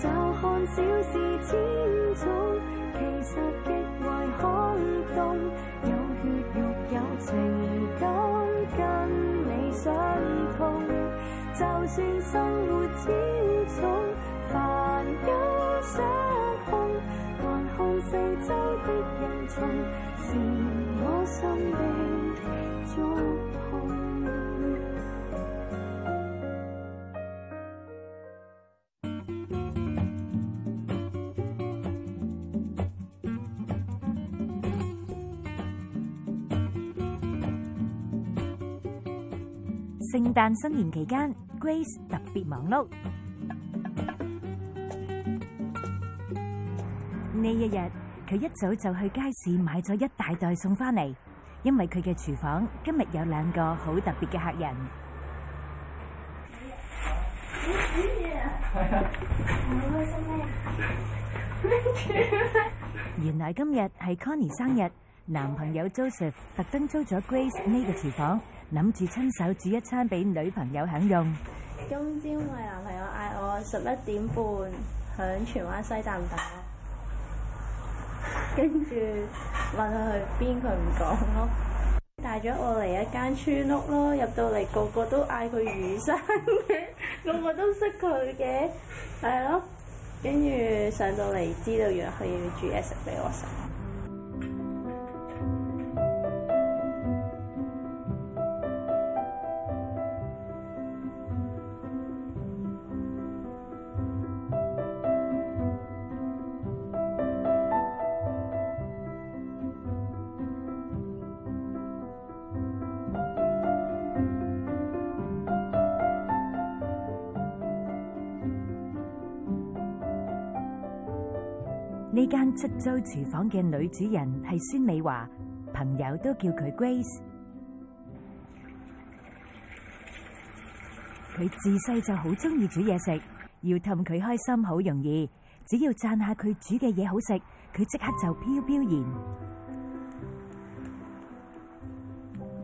就看小事千種，其實極為空洞。有血肉有情感，跟你相通。就算生活千種，煩憂失控，還看四周的人叢，是我心的痛。聖誕新年期間，Grace 特別忙碌。呢一日，佢一早就去街市買咗一大袋餸返嚟，因為佢嘅廚房今日有兩個好特別嘅客人。好得意啊！好開心咩？原來今日係 Connie 生日，男朋友 Joseph 特登租咗 Grace 呢個廚房。諗住親手煮一餐俾女朋友享用。今朝我男朋友嗌我十一點半響荃灣西站打，跟住問佢去邊，佢唔講咯。帶咗我嚟一間村屋咯，入到嚟個個都嗌佢雨山嘅，個個都識佢嘅，係 咯。跟住上到嚟知道要係煮嘢食俾我食。呢間出租廚房嘅女主人係孫美華，朋友都叫佢 Grace。佢自細就好中意煮嘢食，要氹佢開心好容易，只要讚下佢煮嘅嘢好食，佢即刻就飄飄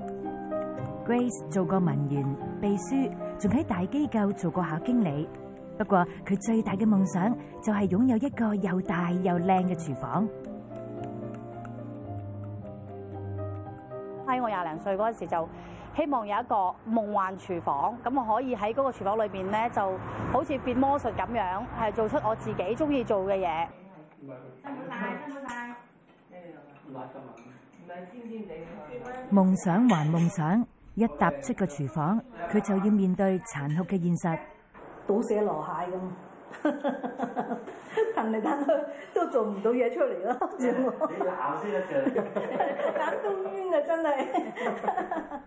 然。Grace 做過文員、秘書，仲喺大機構做過校經理。不過佢最大嘅夢想就係擁有一個又大又靚嘅廚房。喺我廿零歲嗰陣時，就希望有一個夢幻廚房，咁我可以喺嗰個廚房裏邊咧，就好似變魔術咁樣，係做出我自己中意做嘅嘢。夢想還夢想，一踏出個廚房，佢就要面對殘酷嘅現實。倒瀉籮蟹咁， 騰嚟騰去都做唔到嘢出嚟咯， 你咬先啦，就眼都冤啊，真係！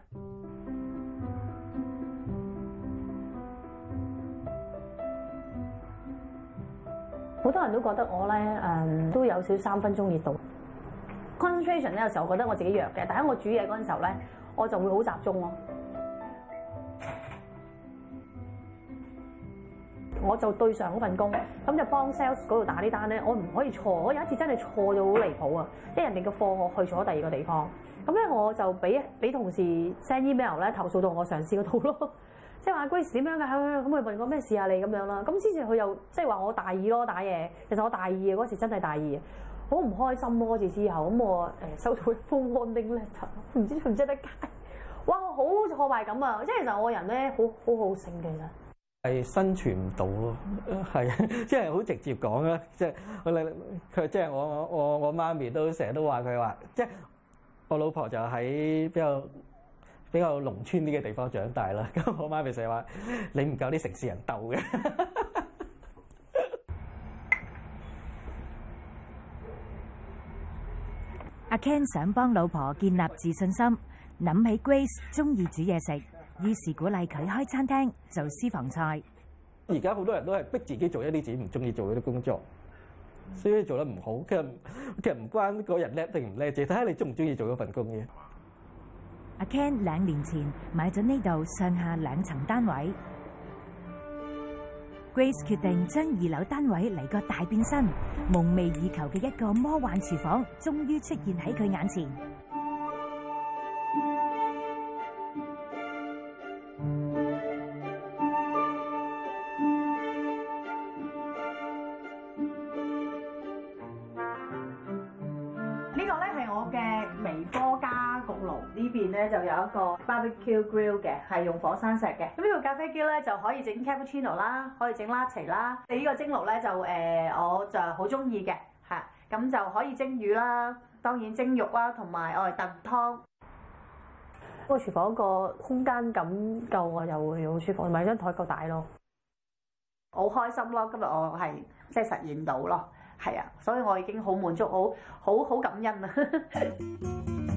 好多人都覺得我咧、嗯，都有少三分鐘熱度，concentration 咧，有時候覺得我自己弱嘅，但喺我煮嘢嗰陣時候咧，我就會好集中咯。我就對上嗰份工，咁就幫 sales 嗰度打呢單咧，我唔可以錯。我有一次真係錯到好離譜啊！即係人哋嘅貨我去咗第二個地方，咁咧我就俾俾同事 send email 咧投訴到我上司嗰度咯，即係話 Grace 點樣嘅？咁、嗯、佢問我咩事啊？你咁樣啦，咁之前佢又即係話我大意咯打嘢，其實我大意嘅嗰時真係大意，好唔開心嗰時之後，咁我、欸、收到一封 warning letter，唔知唔知得唔得解？嘩，我好挫敗咁啊！即係其實我人咧好,好好好性嘅其係生存唔到咯，係啊，即係好直接講啊。即係我哋佢，即係我我我媽咪都成日都話佢話，即係我老婆就喺比較比較農村啲嘅地方長大啦。咁我媽咪成日話你唔夠啲城市人鬥嘅。阿 Ken 想幫老婆建立自信心，諗起 Grace 中意煮嘢食。於是鼓勵佢開餐廳做私房菜。而家好多人都係逼自己做一啲自己唔中意做嗰啲工作，所以做得唔好。其實其實唔關個人叻定唔叻，淨係睇下你中唔中意做嗰份工嘅。阿 Ken 兩年前買咗呢度上下兩層單位，Grace 決定將二樓單位嚟個大變身，夢寐以求嘅一個魔幻廚房終於出現喺佢眼前。就有一個 barbecue grill 嘅，係用火山石嘅。咁呢個咖啡機咧就可以整 cappuccino 啦，可以整 latte 啦。你、這、呢個蒸爐咧就誒、呃，我就好中意嘅，係咁就可以蒸魚啦，當然蒸肉啦，同埋我哋燉湯。個廚房個空間感夠，我又會好舒服，同埋張台夠大咯。好開心咯！今日我係即係實現到咯，係啊，所以我已經好滿足，好好好感恩啊！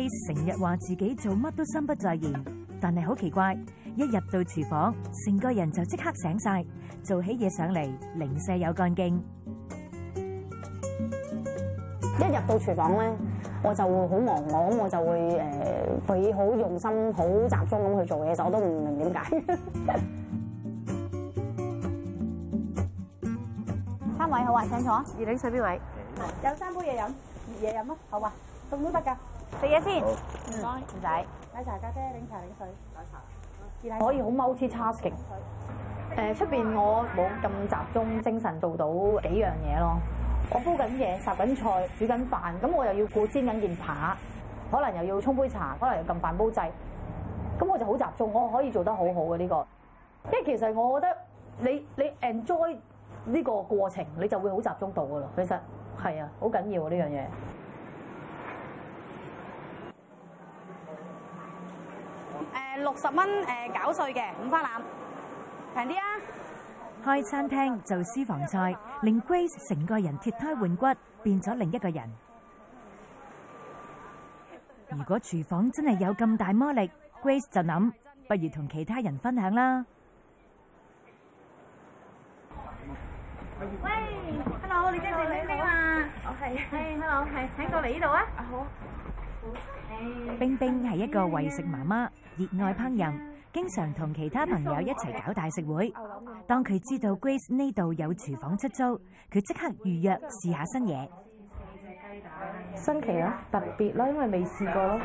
成日話自己做乜都心不在焉，但係好奇怪，一入到廚房，成個人就即刻醒晒，做起嘢上嚟零舍有幹勁。一入到廚房咧，我就會好忙，我就會誒，會好用心、好集中咁去做嘢，我都唔明點解。三位好啊，請坐。熱你水邊位，有三杯嘢飲，熱嘢飲咯，好啊，咁都得噶。食嘢先吃東西，唔該，唔、嗯、使。奶茶咖啡，檸茶檸水，奶茶。可以好 multi-tasking、呃。誒，出邊我冇咁集中精神做到幾樣嘢咯。我煲緊嘢，煮緊菜，煮緊飯，咁我又要顧煎緊件扒，可能又要沖杯茶，可能又撳飯煲掣。咁我就好集中，我可以做得很好好嘅呢個。即係其實我覺得你你 enjoy 呢個過程，你就會好集中到噶啦。其實係啊，好緊要啊呢樣嘢。誒，六十蚊誒，絞碎嘅五花腩，平啲啊！開餐廳做私房菜，令 Grace 成個人脱胎換骨，變咗另一個人。如果廚房真係有咁大魔力，Grace 就諗，不如同其他人分享啦。喂，Hello，你聽唔聽到啊？我係，係，Hello，係，請過嚟呢度啊。好。冰冰係一個為食媽媽，熱愛烹飪，經常同其他朋友一齊搞大食會。當佢知道 Grace 呢度有廚房出租，佢即刻預約試下新嘢。新奇啊，特別咯，啊，因為未試過咯。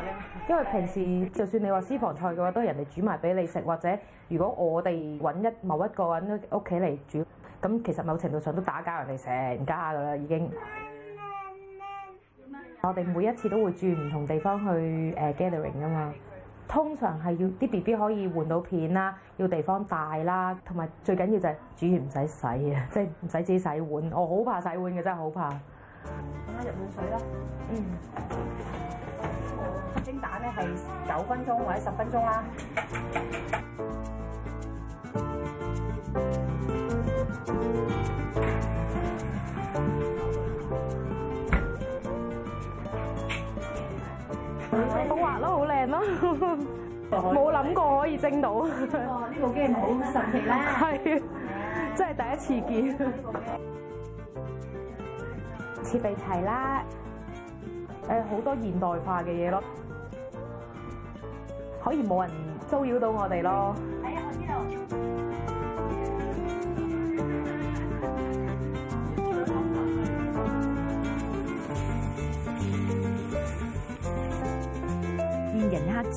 因為平時就算你話私房菜嘅話，都係人哋煮埋俾你食，或者如果我哋揾一某一個人屋企嚟煮，咁其實某程度上都打攪人哋成家噶啦，已經。我哋每一次都會轉唔同地方去誒 gathering 噶嘛，通常係要啲 BB 可以換到片啦，要地方大啦，同埋最緊要就係煮完唔使洗啊，即係唔使自己洗碗，我好怕洗碗嘅真係好怕。咁啊，入碗水啦，嗯，蒸蛋咧係九分鐘或者十分鐘啦。好滑咯，好靚咯，冇 諗過可以蒸到，呢部機好神奇啦，係，真係第一次見。設備齊啦，誒，好多現代化嘅嘢咯，可以冇人騷擾到我哋咯。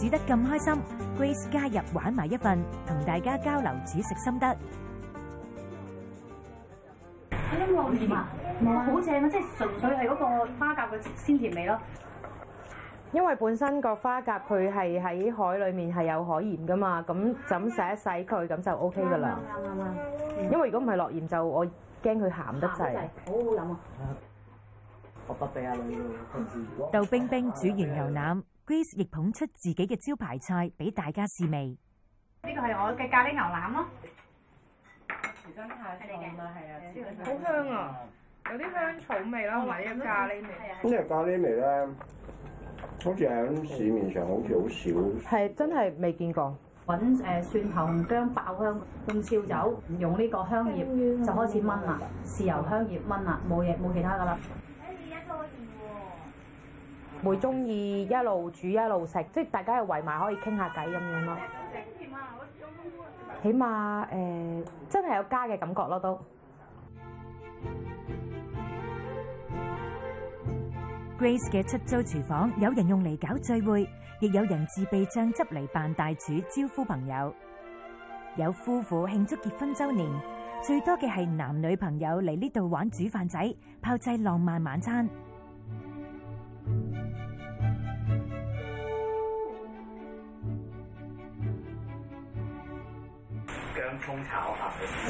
煮得咁開心，Grace 加入玩埋一份，同大家交流煮食心得。冇鹽啊，冇啊，好正啊！即係純粹係嗰個花甲嘅鮮甜味咯。因為本身個花甲佢係喺海裏面係有海鹽噶嘛，咁就咁洗一洗佢，咁就 OK 噶啦。啱啱啱。因為如果唔係落鹽就我驚佢鹹得滯。好好飲啊！我得俾阿女。豆冰冰煮完牛腩。Grace 亦捧出自己嘅招牌菜俾大家試味。呢個係我嘅咖喱牛腩咯。時間太長啦，係啊，好香啊，有啲香草味啦，同埋咖喱味。呢個咖喱味咧，好似喺市面上好似好少。係真係未見過。搵誒蒜頭薑爆香，用燒酒，用呢個香葉就開始炆啦。豉油香葉炆啦，冇嘢冇其他噶啦。會鍾意一路煮一路食，即係大家圍埋可以傾下偈咁樣咯。起碼，呃，真係有家嘅感覺咯，都。Grace 嘅出租廚房，有人用嚟搞聚會，亦有人自備醬汁嚟扮大廚招呼朋友。有夫婦慶祝結婚周年，最多嘅係男女朋友嚟呢度玩煮飯仔，炮製浪漫晚餐。姜葱炒餃，嗯，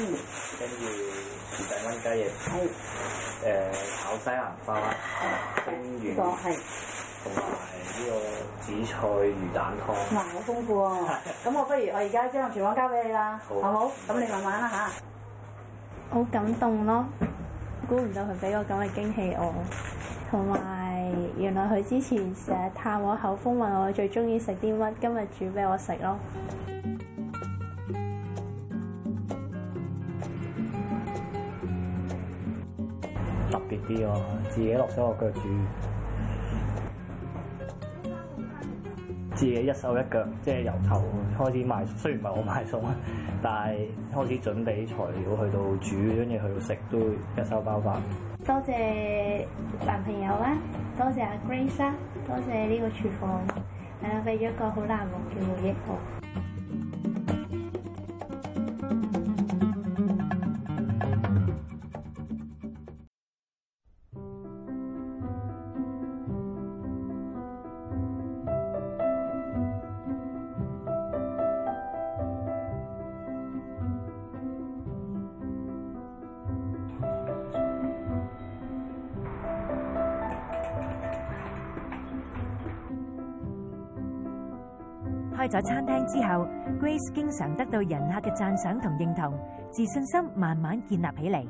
跟住薯仔炆雞翼，係，誒炒西蘭花，蒸魚，就係，同埋呢個紫菜魚蛋湯，哇，好豐富啊！咁 我不如我而家將廚房交俾你啦，好，好，好！咁你慢慢啦吓！好感動咯，估唔到佢俾我咁嘅驚喜我，同埋原來佢之前成日探我口風問我最中意食啲乜，今日煮俾我食咯。特別啲咯，自己落手落腳煮，自己一手一腳，即係由頭開始買。雖然唔係我買餸，但係開始準備材料，去到煮，跟住去到食，都一手包辦。多謝男朋友啦、啊，多謝阿、啊、Grace，啦、啊，多謝呢個廚房，係呀，俾咗一個好難忘嘅回憶我。開咗餐廳之後，Grace 經常得到人客嘅讚賞同認同，自信心慢慢建立起嚟。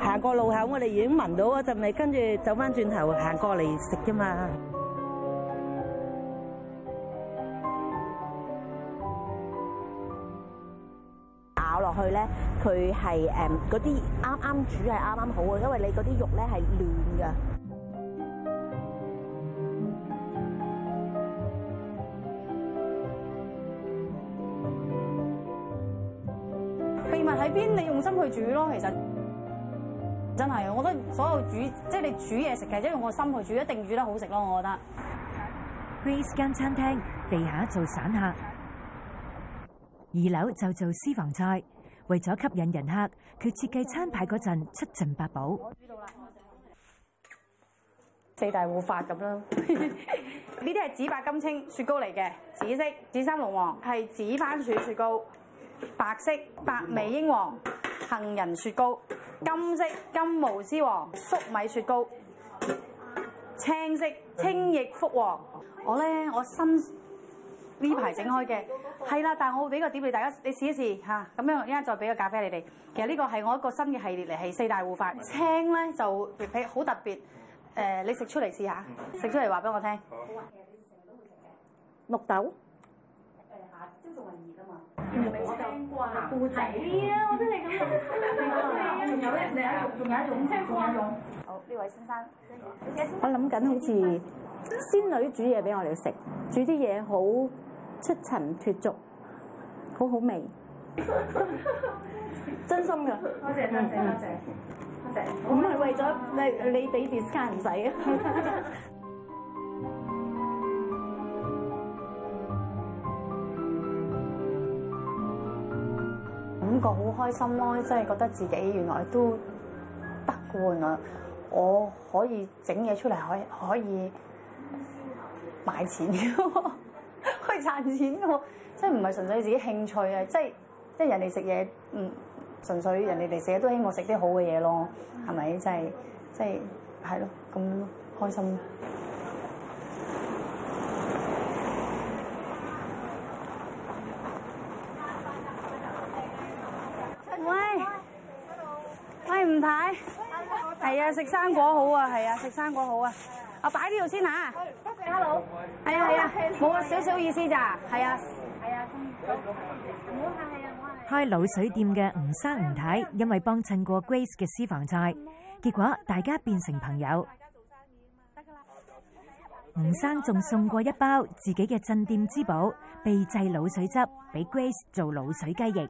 行過路口，我哋已經聞到嗰陣味，跟住走翻轉頭行過嚟食啫嘛。咧，佢係誒嗰啲啱啱煮係啱啱好啊，因為你嗰啲肉咧係嫩㗎。秘密喺邊？你用心去煮咯，其實真係，我覺得所有煮即係、就是、你煮嘢食，嘅，即係用個心去煮，一定煮得好食咯。我覺得。Grace 間餐廳地下做散客，二樓就做私房菜。為咗吸引人客，佢設計，計餐牌嗰陣出盡法寶。我知道啦，四大護法咁啦。呢啲係紫白金青雪糕嚟嘅，紫色紫衫龍王係紫番薯雪糕，白色白眉鷹王杏仁雪糕，金色金毛獅王粟米雪糕，青色青翼蝠王。嗯、我咧我新呢排整開嘅。係啦，但係我會俾個碟俾大家你試一試嚇，咁樣一陣間再俾個咖啡你哋。其實呢個係我一個新嘅系列嚟，係四大護法。青咧就比好特別，誒你食出嚟試下，食出嚟話俾我聽。好啊，你成日都會食嘅。綠豆。誒，下朝早係熱㗎嘛？青瓜、苦仔啊！我真係咁諗。仲有咧？你有仲有一種？仲有一種？好，呢位先生。我諗緊好似仙女煮嘢俾我哋食，煮啲嘢好。出塵脱俗，好好味， 真心噶。多謝多謝多謝多謝，謝謝謝謝謝謝，嗯、我唔係為咗你你俾住蝦唔使啊！感覺好開心咯，真係覺得自己原來都得嘅，原來我可以整嘢出嚟，可以可以賣錢。 去賺錢我，我即係唔係純粹自己興趣啊！即係即係人哋食嘢，嗯，純粹人哋哋成日都希望食啲好嘅嘢咯，係、嗯、咪？即係即係係咯，咁、即係即係、開心喂。喂，喂，吳太太，係啊，食生果好啊，係啊，食生果好啊，啊擺呢度先吓、啊。hello，係啊，係啊，冇啊，少少意思咋。係啊，係啊，開滷水店嘅吳生吳太，因為幫襯過 Grace 嘅私房菜，結果大家變成朋友。吳生仲送過一包自己嘅鎮店之寶秘製滷水汁俾 Grace 做滷水雞翼。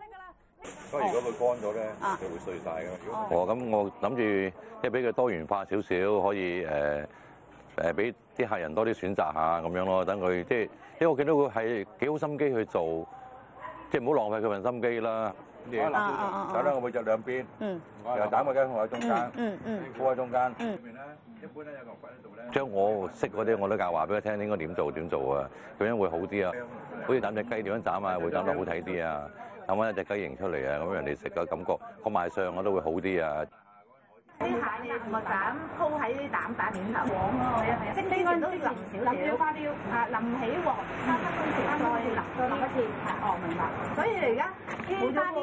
如果佢乾咗咧，佢會碎晒噶。咁我諗住即係俾佢多元化少少，可以誒。呃誒俾啲客人多啲選擇下咁樣咯，等佢即係，因為我見到佢係幾好心機去做，即係唔好浪費佢份心機啦。走兩個背脊兩邊，嗯，又打個雞胸喺中間，嗯嗯，放喺中間。嗯。將我識嗰啲我都教話俾佢聽，應該點做點做啊？咁樣會好啲啊！好似斬隻雞點樣斬啊？會斬得好睇啲啊！斬翻一隻雞型出嚟啊！咁人哋食嘅感覺，個賣相我都會好啲啊！啲蟹你個膽鋪喺啲膽打滿頭黃咯，蒸煎都蒸唔少條。花雕，啊淋起黃花雕，再淋一次，再淋一次，係哦，明白。所以而家啲花雕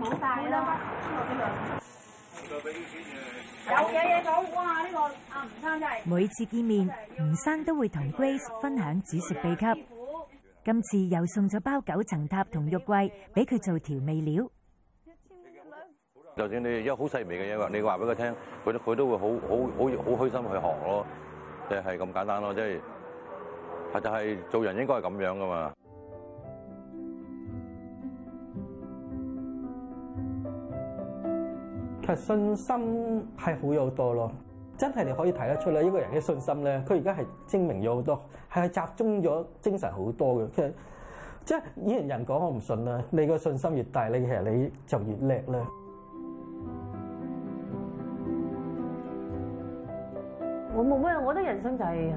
冇晒啦。有嘢嘢咁，哇呢個阿吳生真係。每次見面，吳生都會同 Grace 分享煮食秘笈。今次又送咗包九層塔同肉桂俾佢做調味料。就算你有好細微嘅嘢話，你話俾佢聽，佢都佢都會好好好好開心去學咯。即係咁簡單咯，即係，係就係做人應該係咁樣噶嘛。其實信心係好有很多咯，真係你可以睇得出啦。呢個人嘅信心咧，佢而家係精明咗好多，係集中咗精神好多嘅。即係，即係以前人講我唔信啦。你個信心越大，你其實你就越叻啦。冇咩，我覺得人生就係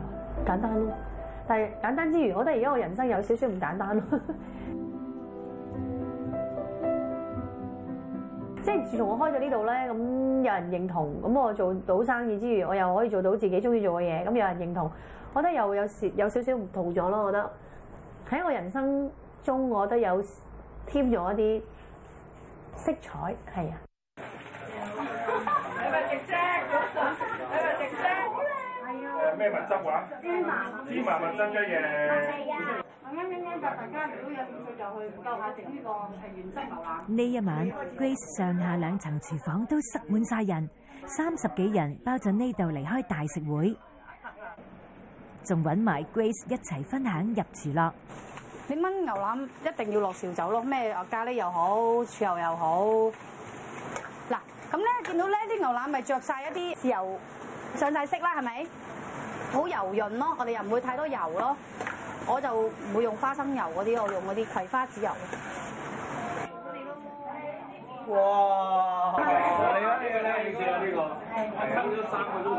簡單咯。但係簡單之餘，我覺得而家我人生有少少唔簡單咯。 即係自從我開咗呢度咧，咁有人認同，咁我做到生意之餘，我又可以做到自己中意做嘅嘢，咁有人認同，我覺得又有時有少少唔同咗咯。我覺得喺我人生中，我覺得有添咗一啲色彩，係啊。咩物質話？芝麻，芝麻物質嘅嘢。係啊！我啱啱教大家，如果有興趣就去購買，整呢個係原汁牛腩。呢一晚，Grace 上下兩層廚房都塞滿曬人，三十幾人包準呢度嚟開大食會，仲揾埋 Grace 一齊分享入廚咯。你炆牛腩一定要落紹酒咯，咩咖喱又好，豉油又好。嗱，咁咧見到呢啲牛腩咪著曬一啲豉油上曬色啦，係咪？好油潤咯，我哋又唔會太多油咯，我就唔會用花生油嗰啲，我用嗰啲葵花籽油。哇！你、哎這個這個 嗯嗯嗯、啊，呢個，你試下呢個，差唔多三個鐘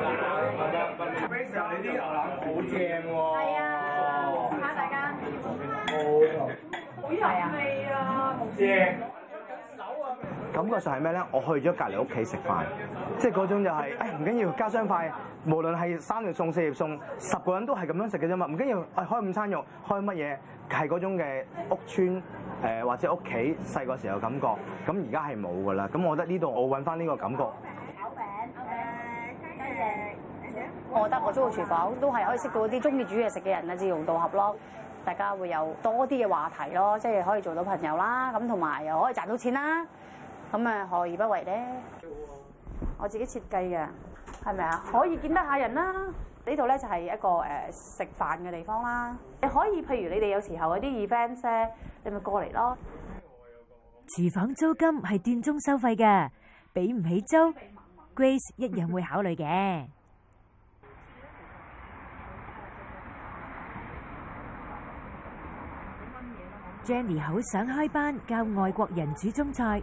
頭。非常，你啲牛腩好正喎！係啊，大家好香，好有味啊，好正。感覺上係咩咧？我去咗隔離屋企食飯，即係嗰、就係哎、係嗰種又係誒唔緊要家鄉飯，無論係三碟餸、四碟餸、十個人都係咁食係咁樣食嘅啫嘛。唔緊要開午餐肉，開乜嘢係嗰種嘅屋村誒、呃、或者屋企細個時候感覺咁，而家係冇噶啦。咁我覺得呢度我揾翻呢個感覺。炒餅，炒餅，OK。我覺得我租個廚房都係可以識到啲中意煮嘢食嘅人啦，志同道合咯，大家會有多啲嘅話題咯，即係可以做到朋友啦。咁同埋又可以賺到錢啦。咁啊，何而不為呢？我自己設計嘅，係咪啊？可以見得下人啦。呢度咧就係一個誒食飯嘅地方啦。你可以，譬如你哋有時候嗰啲 event 咧，你咪過嚟咯。廚房租金係店中收費嘅，畀唔起租，Grace 一樣會考慮嘅。 Jenny 好想開班教外國人煮中菜。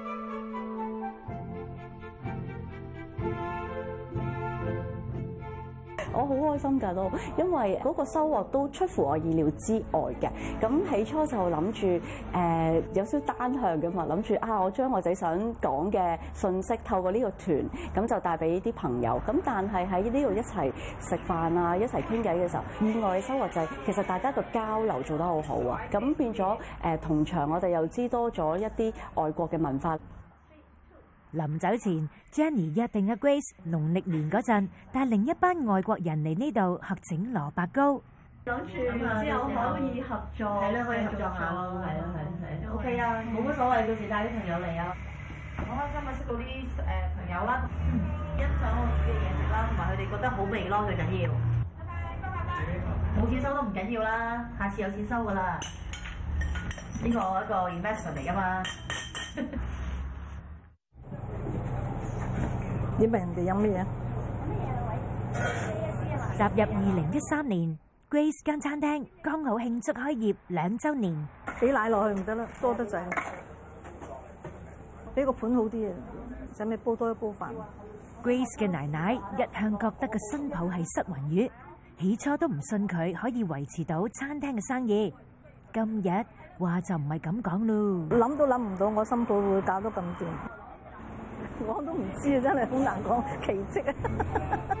我好開心㗎咯，因為嗰個收穫都出乎我意料之外嘅。咁起初就諗住誒有少少單向嘅嘛，諗住啊，我將我仔想講嘅訊息透過呢個團，咁就帶俾啲朋友。咁但係喺呢度一齊食飯啊，一齊傾偈嘅時候，意外嘅收穫就係、是、其實大家個交流做得很好好啊。咁變咗誒、呃、同場，我哋又知多咗一啲外國嘅文化。臨走前，Jenny 約定阿 Grace 農曆年嗰陣帶另一班外國人嚟呢度合整蘿蔔糕。講住之後可以合作，係啦，可以合作下咯，係啦，係啦，係。O K 啊，冇乜、okay，所謂，到時帶啲朋友嚟啊。好開心啊，識到啲誒朋友啦，欣賞我自己嘅嘢食啦，同埋佢哋覺得好味咯，最緊要。拜拜，拜拜。冇錢收都唔緊要啦，下次有錢收噶啦。呢、這個一個 investment 嚟噶嘛。 你問人哋飲咩嘢？咩嘢啊，老偉？你嘅事係嘛？踏入二零一三年，Grace 間餐廳剛好慶祝開業兩周年。俾奶落去唔得啦，多得滯。俾個盤好啲啊，準備煲多一煲飯？Grace 嘅奶奶一向覺得個新抱係失魂魚，起初都唔信佢可以維持到餐廳嘅生意。今日話就唔係咁講咯。諗都諗唔到，我新抱會搞到咁掂。.我都唔知啊，真係好難講，奇跡啊！